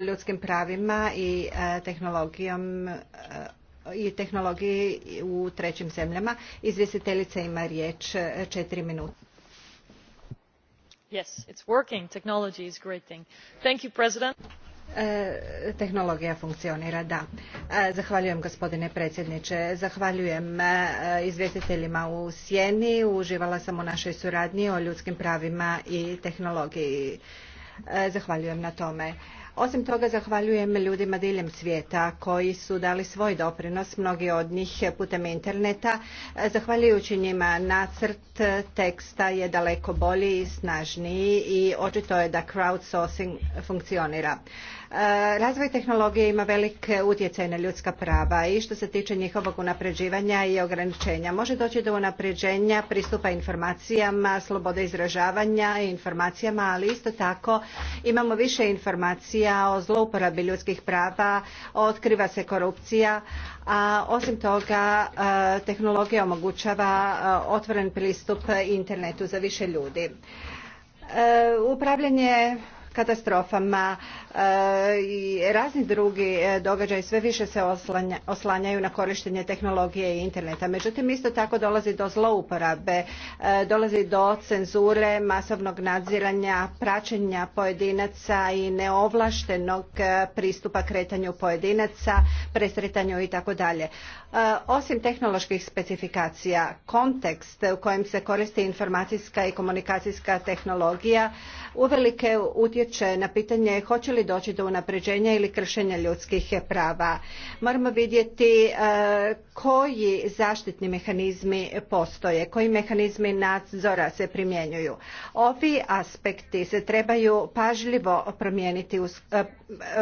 ljudskim pravima i e, tehnologijom e, i tehnologiji u trećim zemljama. Izvjestiteljica ima riječ e, četiri minute. Yes, it's working. Technology is great thing. Thank you, President. tehnologija funkcionira, da. zahvaljujem gospodine predsjedniče, zahvaljujem izvjestiteljima u Sjeni, uživala sam u našoj suradnji o ljudskim pravima i tehnologiji. Zahvaljujem na tome. Osim toga zahvaljujem ljudima diljem svijeta koji su dali svoj doprinos, mnogi od njih putem interneta. Zahvaljujući njima nacrt teksta je daleko bolji i snažniji i očito je da crowdsourcing funkcionira. E, razvoj tehnologije ima velik utjecaj na ljudska prava i što se tiče njihovog unapređivanja i ograničenja. Može doći do unapređenja pristupa informacijama, slobode izražavanja i informacijama, ali isto tako imamo više informacija o zlouporabi ljudskih prava, otkriva se korupcija, a osim toga e, tehnologija omogućava e, otvoren pristup internetu za više ljudi. Upravljanje katastrofama eh, i razni drugi eh, događaji sve više se oslanjaju na korištenje tehnologije i interneta. Međutim, isto tako dolazi do zlouporabe, eh, dolazi do cenzure, masovnog nadziranja, praćenja pojedinaca i neovlaštenog pristupa kretanju pojedinaca, presretanju i tako dalje. Osim tehnoloških specifikacija, kontekst u kojem se koristi informacijska i komunikacijska tehnologija uvelike utječe će na pitanje hoće li doći do unapređenja ili kršenja ljudskih prava. Moramo vidjeti e, koji zaštitni mehanizmi postoje, koji mehanizmi nadzora se primjenjuju. Ovi aspekti se trebaju pažljivo promijeniti, e,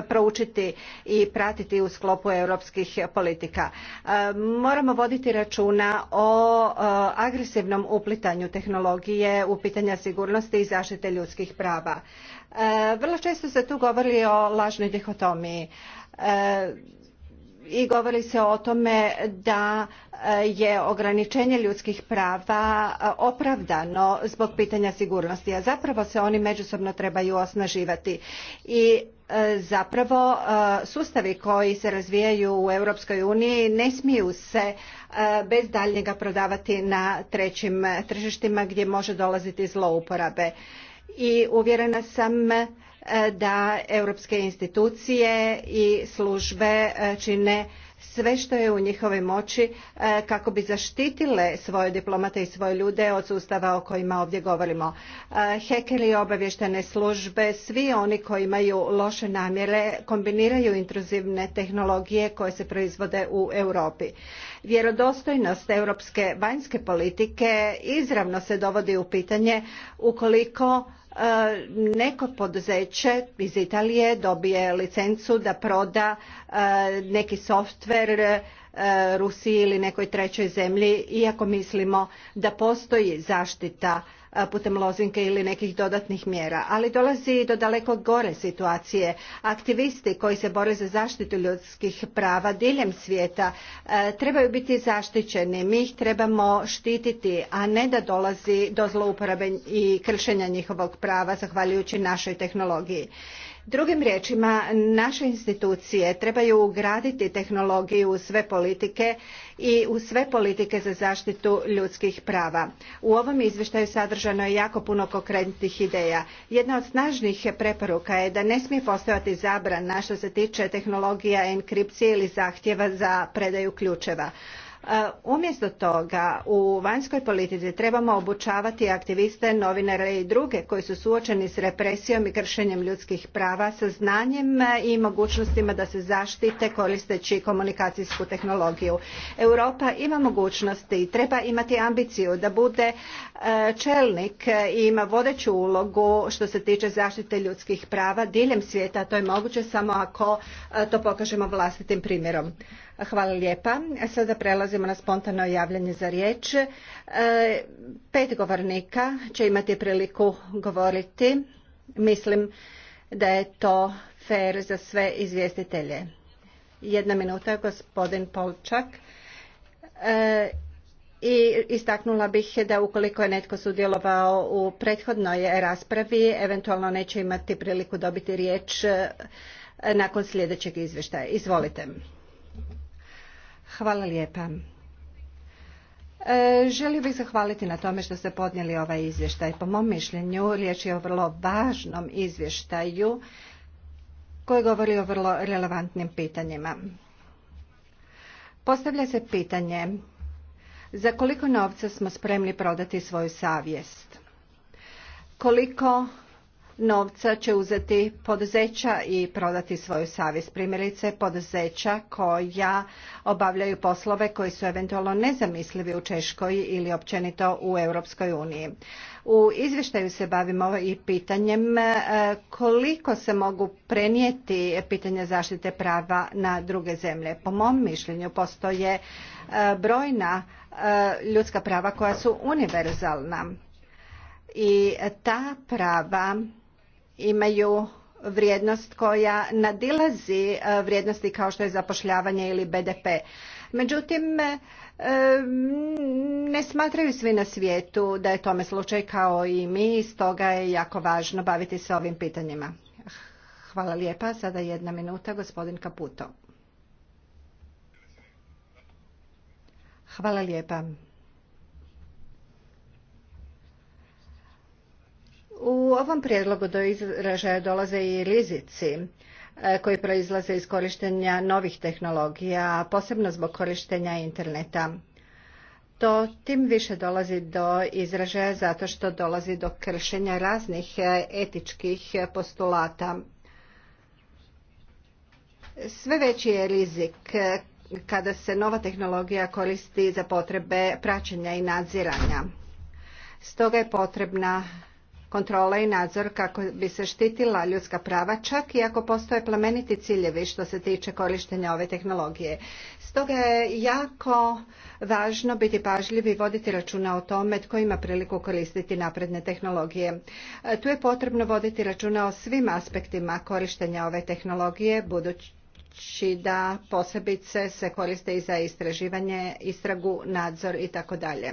proučiti i pratiti u sklopu europskih politika. E, moramo voditi računa o agresivnom uplitanju tehnologije u pitanja sigurnosti i zaštite ljudskih prava. E, vrlo često se tu govori o lažnoj dihotomiji e, i govori se o tome da e, je ograničenje ljudskih prava opravdano zbog pitanja sigurnosti, a zapravo se oni međusobno trebaju osnaživati. I zapravo sustavi koji se razvijaju u Europskoj uniji ne smiju se bez daljnjega prodavati na trećim tržištima gdje može dolaziti zlouporabe i uvjerena sam e, da europske institucije i službe e, čine sve što je u njihovoj moći e, kako bi zaštitile svoje diplomate i svoje ljude od sustava o kojima ovdje govorimo. i obavještajne službe, svi oni koji imaju loše namjere kombiniraju intruzivne tehnologije koje se proizvode u Europi. Vjerodostojnost europske vanjske politike izravno se dovodi u pitanje ukoliko e, neko poduzeće iz Italije dobije licencu da proda e, neki softver e, Rusiji ili nekoj trećoj zemlji iako mislimo da postoji zaštita putem lozinke ili nekih dodatnih mjera. Ali dolazi do daleko gore situacije. Aktivisti koji se bore za zaštitu ljudskih prava diljem svijeta trebaju biti zaštićeni. Mi ih trebamo štititi, a ne da dolazi do zlouporabe i kršenja njihovog prava zahvaljujući našoj tehnologiji. Drugim riječima, naše institucije trebaju ugraditi tehnologiju u sve politike i u sve politike za zaštitu ljudskih prava. U ovom izvještaju sadržano je jako puno konkretnih ideja. Jedna od snažnih preporuka je da ne smije postojati zabrana što se tiče tehnologija enkripcije ili zahtjeva za predaju ključeva. E, umjesto toga u vanjskoj politici trebamo obučavati aktiviste, novinare i druge koji su suočeni s represijom i kršenjem ljudskih prava sa znanjem e, i mogućnostima da se zaštite koristeći komunikacijsku tehnologiju. Europa ima mogućnosti i treba imati ambiciju da bude e, čelnik i ima vodeću ulogu što se tiče zaštite ljudskih prava diljem svijeta. To je moguće samo ako to pokažemo vlastitim primjerom. Hvala lijepa. Sada prelazimo na spontano javljanje za riječ. E, pet govornika će imati priliku govoriti. Mislim da je to fair za sve izvjestitelje. Jedna minuta, gospodin Polčak. E, I istaknula bih da ukoliko je netko sudjelovao u prethodnoj raspravi, eventualno neće imati priliku dobiti riječ e, nakon sljedećeg izvještaja. Izvolite. Hvala lijepa. E, želio bih zahvaliti na tome što ste podnijeli ovaj izvještaj. Po mom mišljenju riječ je o vrlo važnom izvještaju koji govori o vrlo relevantnim pitanjima. Postavlja se pitanje za koliko novca smo spremni prodati svoju savjest. Koliko novca će uzeti poduzeća i prodati svoju savjest. Primjerice poduzeća koja obavljaju poslove koji su eventualno nezamislivi u Češkoj ili općenito u Europskoj uniji. U izvještaju se bavimo i pitanjem e, koliko se mogu prenijeti pitanje zaštite prava na druge zemlje. Po mom mišljenju postoje e, brojna e, ljudska prava koja su univerzalna i ta prava imaju vrijednost koja nadilazi e, vrijednosti kao što je zapošljavanje ili BDP. Međutim, e, ne smatraju svi na svijetu da je tome slučaj kao i mi, stoga je jako važno baviti se ovim pitanjima. Hvala lijepa. Sada jedna minuta, gospodin Kaputo. Hvala lijepa. U ovom prijedlogu do izražaja dolaze i rizici e, koji proizlaze iz korištenja novih tehnologija, posebno zbog korištenja interneta. To tim više dolazi do izražaja zato što dolazi do kršenja raznih e, etičkih postulata. Sve veći je rizik e, kada se nova tehnologija koristi za potrebe praćenja i nadziranja. Stoga je potrebna kontrola i nadzor kako bi se štitila ljudska prava čak i ako postoje plemeniti ciljevi što se tiče korištenja ove tehnologije. Stoga je jako važno biti pažljivi i voditi računa o tome tko ima priliku koristiti napredne tehnologije. E, tu je potrebno voditi računa o svim aspektima korištenja ove tehnologije budući da posebice se koriste i za istraživanje, istragu, nadzor i tako dalje.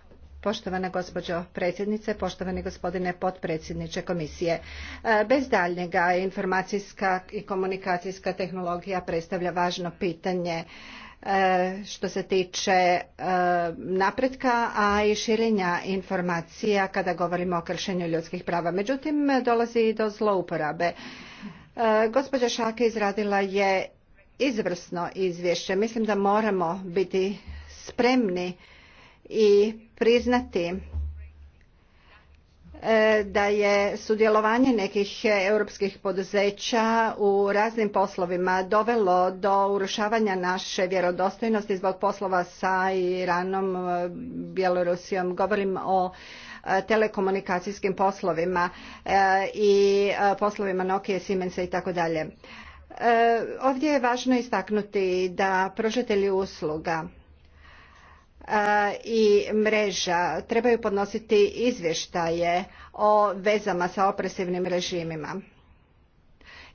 Poštovana gospođo predsjednice, poštovani gospodine potpredsjedniče komisije. E, bez daljnjega informacijska i komunikacijska tehnologija predstavlja važno pitanje e, što se tiče e, napretka, a i širenja informacija kada govorimo o kršenju ljudskih prava. Međutim, dolazi i do zlouporabe. Gospođa Šake izradila je izvrsno izvješće. Mislim da moramo biti spremni i priznati e, da je sudjelovanje nekih europskih poduzeća u raznim poslovima dovelo do urušavanja naše vjerodostojnosti zbog poslova sa Iranom, Bjelorusijom. Govorim o e, telekomunikacijskim poslovima e, i poslovima Nokia, Siemensa i tako dalje. Ovdje je važno istaknuti da pružatelji usluga E, i mreža trebaju podnositi izvještaje o vezama sa opresivnim režimima.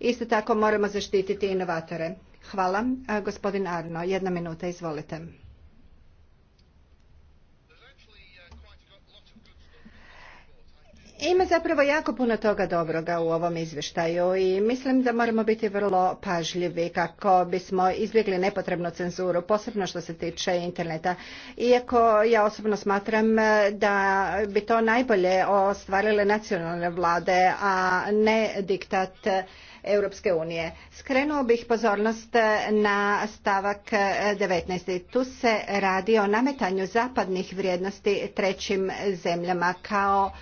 Isto tako moramo zaštititi inovatore. Hvala. E, gospodin Arno, jedna minuta, izvolite. Ima zapravo jako puno toga dobroga u ovom izvještaju i mislim da moramo biti vrlo pažljivi kako bismo izbjegli nepotrebnu cenzuru, posebno što se tiče interneta. Iako ja osobno smatram da bi to najbolje ostvarile nacionalne vlade, a ne diktat Europske unije. Skrenuo bih pozornost na stavak 19. Tu se radi o nametanju zapadnih vrijednosti trećim zemljama kao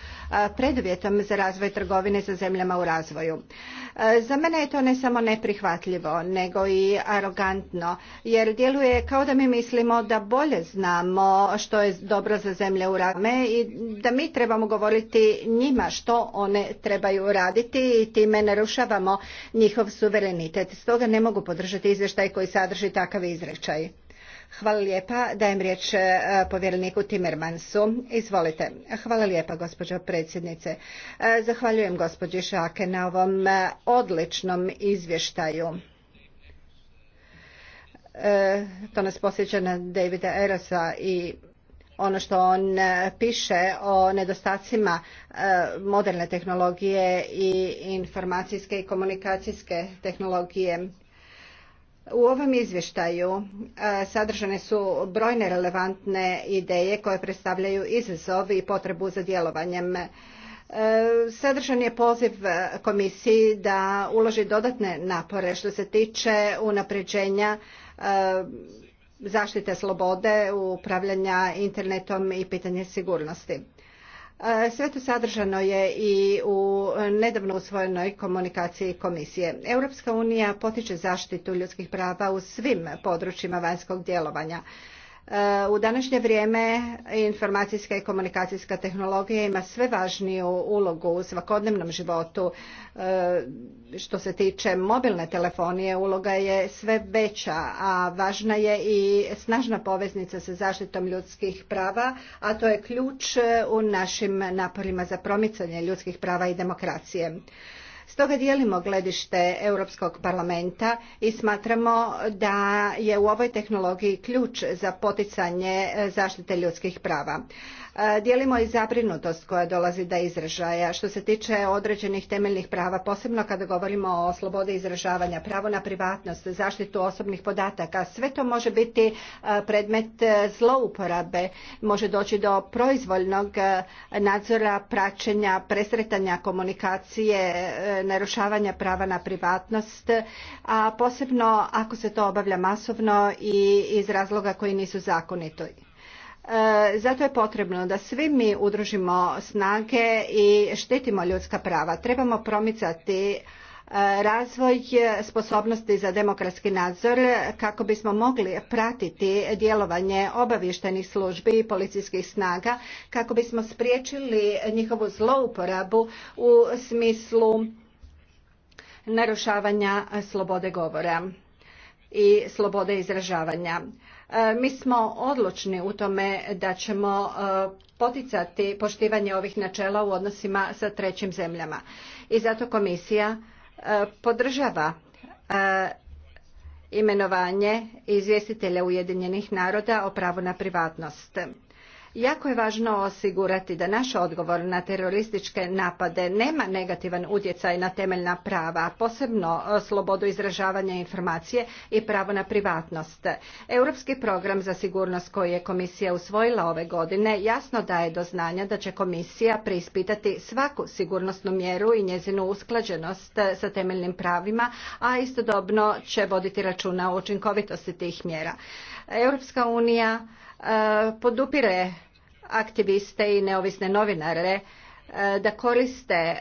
preduvjetom za razvoj trgovine sa zemljama u razvoju. Za mene je to ne samo neprihvatljivo, nego i arogantno, jer djeluje kao da mi mislimo da bolje znamo što je dobro za zemlje u rame i da mi trebamo govoriti njima što one trebaju raditi i time narušavamo njihov suverenitet. Stoga ne mogu podržati izvještaj koji sadrži takav izrečaj. Hvala lijepa. Dajem riječ e, povjereniku Timmermansu. Izvolite. Hvala lijepa, gospođo predsjednice. E, zahvaljujem gospođi Šake na ovom e, odličnom izvještaju. To nas posjeća na Davida Erosa i ono što on piše o nedostacima moderne tehnologije i informacijske i komunikacijske tehnologije u ovom izvještaju e, sadržane su brojne relevantne ideje koje predstavljaju izazov i potrebu za djelovanjem. E, sadržan je poziv komisiji da uloži dodatne napore što se tiče unapređenja e, zaštite slobode, upravljanja internetom i pitanje sigurnosti. Sve to sadržano je i u nedavno usvojenoj komunikaciji komisije. Europska unija potiče zaštitu ljudskih prava u svim područjima vanjskog djelovanja. E, u današnje vrijeme informacijska i komunikacijska tehnologija ima sve važniju ulogu u svakodnevnom životu. E, što se tiče mobilne telefonije, uloga je sve veća, a važna je i snažna poveznica sa zaštitom ljudskih prava, a to je ključ u našim naporima za promicanje ljudskih prava i demokracije. Stoga dijelimo gledište Europskog parlamenta i smatramo da je u ovoj tehnologiji ključ za poticanje zaštite ljudskih prava. E, dijelimo i zabrinutost koja dolazi do izražaja što se tiče određenih temeljnih prava, posebno kada govorimo o slobodi izražavanja, pravo na privatnost, zaštitu osobnih podataka. Sve to može biti e, predmet e, zlouporabe, može doći do proizvoljnog nadzora, praćenja, presretanja komunikacije, narušavanja prava na privatnost, a posebno ako se to obavlja masovno i iz razloga koji nisu zakoniti. E, zato je potrebno da svi mi udružimo snage i štitimo ljudska prava. Trebamo promicati e, razvoj sposobnosti za demokratski nadzor kako bismo mogli pratiti djelovanje obavještajnih službi i policijskih snaga kako bismo spriječili njihovu zlouporabu u smislu narušavanja slobode govora i slobode izražavanja. E, mi smo odlučni u tome da ćemo e, poticati poštivanje ovih načela u odnosima sa trećim zemljama. I zato komisija e, podržava imenovanje izvjestitelja Ujedinjenih naroda o pravu na privatnost. Jako je važno osigurati da naš odgovor na terorističke napade nema negativan utjecaj na temeljna prava, posebno e, slobodu izražavanja informacije i pravo na privatnost. Europski program za sigurnost koji je komisija usvojila ove godine jasno daje do znanja da će komisija preispitati svaku sigurnosnu mjeru i njezinu usklađenost e, sa temeljnim pravima, a istodobno će voditi računa o učinkovitosti tih mjera. Europska unija E, podupire aktiviste i neovisne novinare e, da koriste e,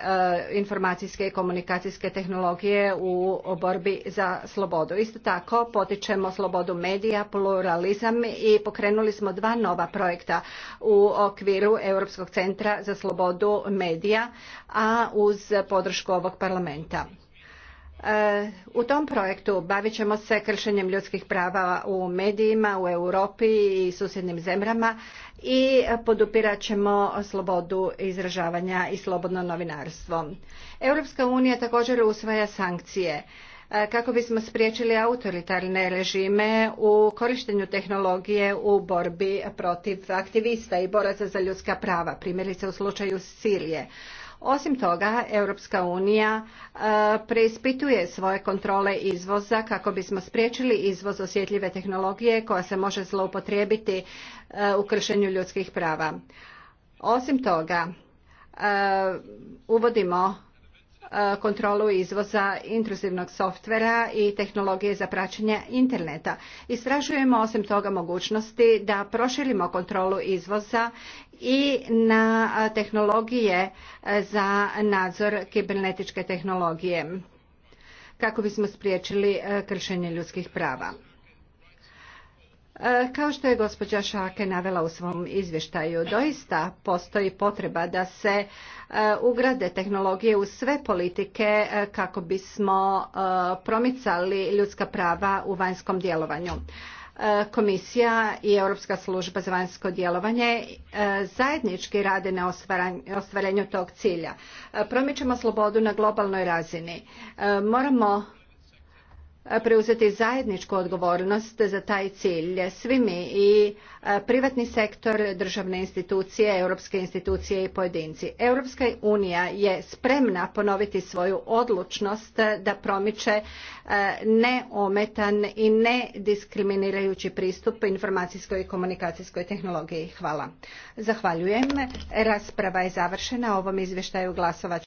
informacijske i komunikacijske tehnologije u borbi za slobodu. Isto tako potičemo slobodu medija, pluralizam i pokrenuli smo dva nova projekta u okviru Europskog centra za slobodu medija, a uz podršku ovog parlamenta. U tom projektu bavit ćemo se kršenjem ljudskih prava u medijima, u Europi i susjednim zemljama i podupirat ćemo slobodu izražavanja i slobodno novinarstvo. Europska unija također usvaja sankcije E, kako bismo spriječili autoritarne režime u korištenju tehnologije u borbi protiv aktivista i boraca za ljudska prava, primjerice u slučaju Sirije. Osim toga, Europska unija e, preispituje svoje kontrole izvoza kako bismo spriječili izvoz osjetljive tehnologije koja se može zloupotrijebiti e, u kršenju ljudskih prava. Osim toga, uvodimo E, kontrolu izvoza intruzivnog softvera i tehnologije za praćenje interneta. Istražujemo osim toga mogućnosti da proširimo kontrolu izvoza i na tehnologije e, za nadzor kibernetičke tehnologije kako bismo spriječili e, kršenje ljudskih prava. E, kao što je gospođa Šake navela u svom izvještaju, doista postoji potreba da se e, ugrade tehnologije u sve politike e, kako bismo promicali ljudska prava u vanjskom djelovanju. Komisija i Europska služba za vanjsko djelovanje zajednički rade na ostvarenju tog cilja. Promičemo slobodu na globalnoj razini. Moramo preuzeti zajedničku odgovornost za taj cilj. Svi mi i e, privatni sektor, državne institucije, europske institucije i pojedinci. Europska unija je spremna ponoviti svoju odlučnost da promiče e, neometan i nediskriminirajući pristup informacijskoj i komunikacijskoj tehnologiji. Hvala. Zahvaljujem. Rasprava je završena. O ovom izvještaju glasovat